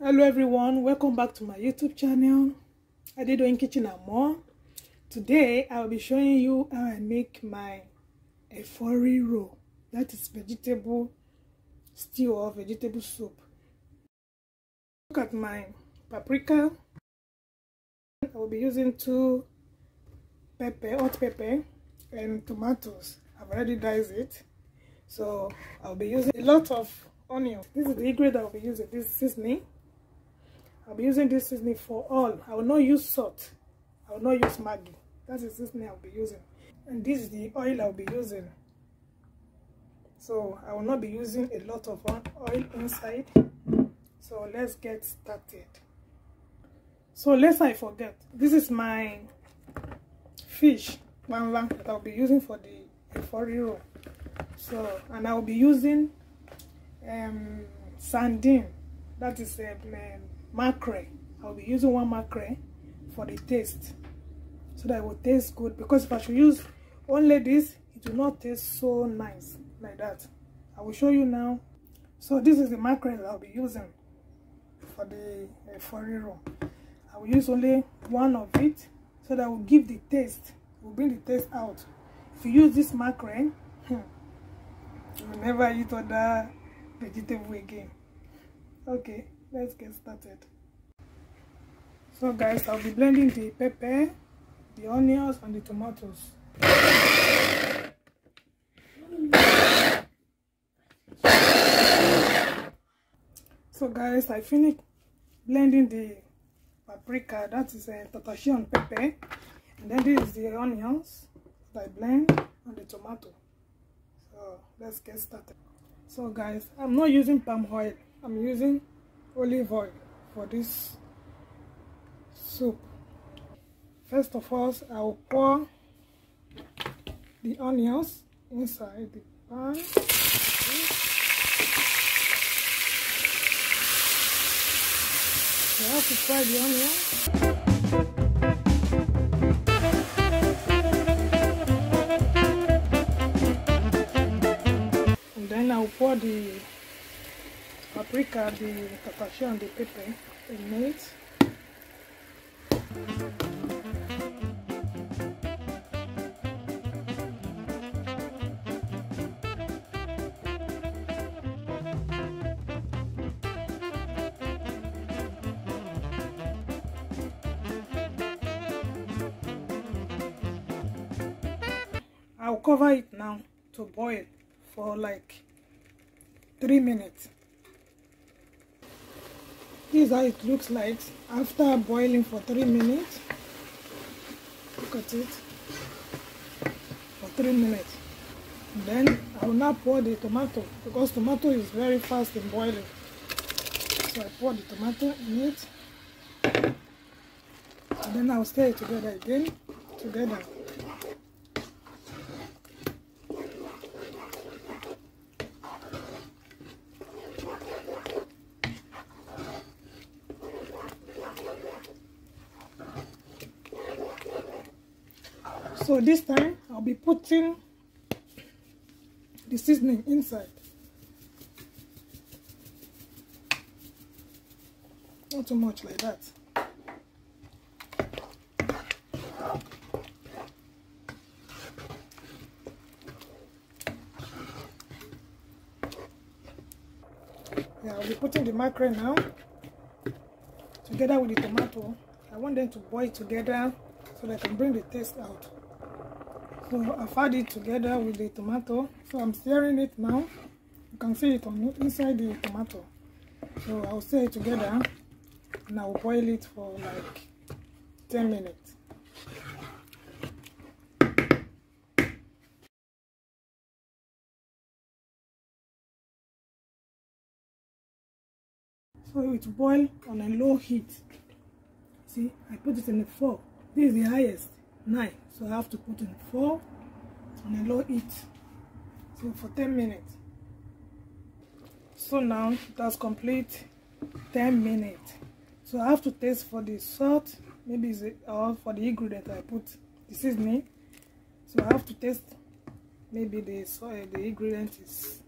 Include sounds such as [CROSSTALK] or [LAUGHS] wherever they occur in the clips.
hello everyone welcome back to my youtube channel adedoyin kitchen and more today i'll be showing you how i make my efori roll that is vegetable stew or vegetable soup look at my paprika i will be using two pepper hot pepper and tomatoes i've already diced it so i'll be using a lot of onion this is the ingredient i'll be using this seasoning I'll be using this seasoning for all. I will not use salt. I will not use Maggi. That is the seasoning I'll be using. And this is the oil I'll be using. So I will not be using a lot of oil inside. So let's get started. So lest I forget, this is my fish lamp that I'll be using for the efori roll. So and I'll be using um, That is a um, mackerel i'll be using one mackerel for the taste so that it will taste good because if i should use only this it will not taste so nice like that i will show you now so this is the mackerel i'll be using for the uh, foreign i will use only one of it so that will give the taste will bring the taste out if you use this mackerel [LAUGHS] you will never eat other vegetable again okay let's get started so guys i'll be blending the pepper the onions and the tomatoes so guys i finished blending the paprika that is a uh, tattashian pepper and then this is the onions that i blend and the tomato so let's get started so guys i'm not using palm oil i'm using olive oil for this soup. First of all, I will pour the onions inside the pan. We have to fry the onion. paprika, the pepper, and the pepper in it. I'll cover it now to boil for like 3 minutes this is how it looks like after boiling for three minutes look at it for three minutes then I will now pour the tomato because tomato is very fast in boiling so I pour the tomato in it and then I'll stir it together again together so this time I'll be putting the seasoning inside not too much like that yeah I'll be putting the mackerel now together with the tomato I want them to boil together so that I can bring the taste out so I've had it together with the tomato so I'm stirring it now you can see it on inside the tomato so I'll stir it together and I'll boil it for like 10 minutes so it boil on a low heat see I put it in the four this is the highest 9 so I have to put in 4 and allow it so for 10 minutes so now that's complete 10 minutes so I have to taste for the salt maybe it's or for the ingredient I put This is me, so I have to taste maybe the soy eh, the ingredient is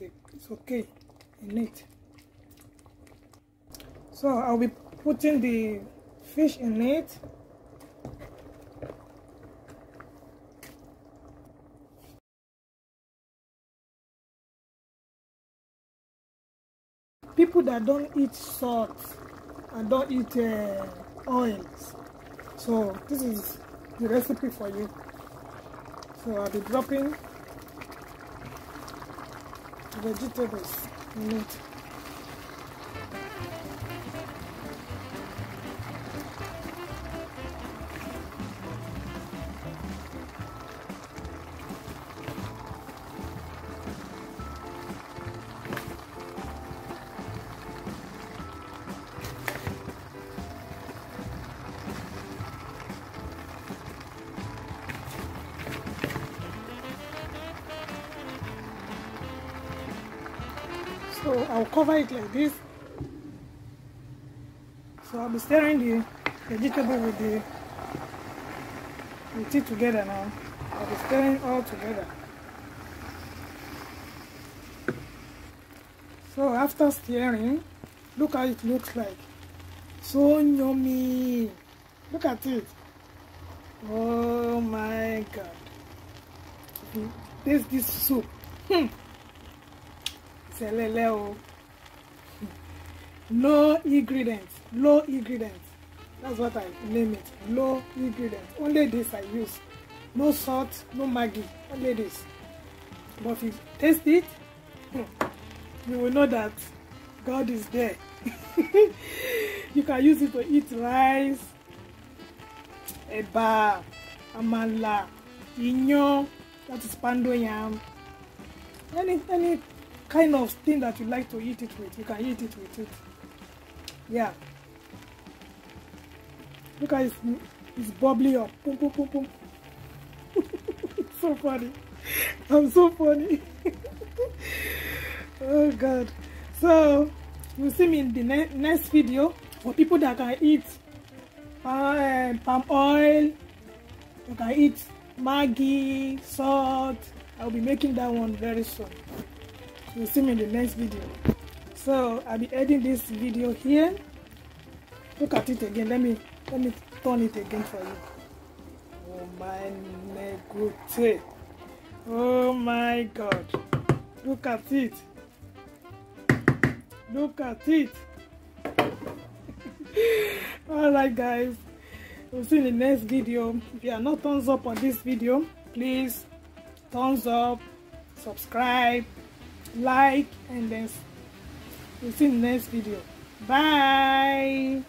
it's okay in it so I'll be putting the fish in it people that don't eat salt and don't eat uh, oils so this is the recipe for you so i'll be dropping vegetables in it so I'll cover it like this so I'll be stirring the vegetable with the with it together now I'll be stirring all together so after stirring look how it looks like so yummy look at it oh my god taste this soup hmm. tẹ̀lẹ́lẹ́ o low ingredient low ingredient that's what I name it low ingredient only this I use no salt no maggi only this but if you taste it [LAUGHS] you will know that God is there [LAUGHS] you can use it to eat rice eba, amala, iyán that is pando yam any any kind of thing that you like to eat it with you can eat it with it yeah look at it it's bubbly up boom, boom, boom, boom. so funny i'm so funny [LAUGHS] oh god so you see me in the ne next video for people that can eat uh, palm oil you can eat maggi salt i'll be making that one very soon you see me in the next video so i'll be editing this video here look at it again let me let me turn it again for you oh my negote oh my god look at it look at it [LAUGHS] all right guys we'll see you in the next video if you are not thumbs up on this video please thumbs up subscribe like and then see you in the next video bye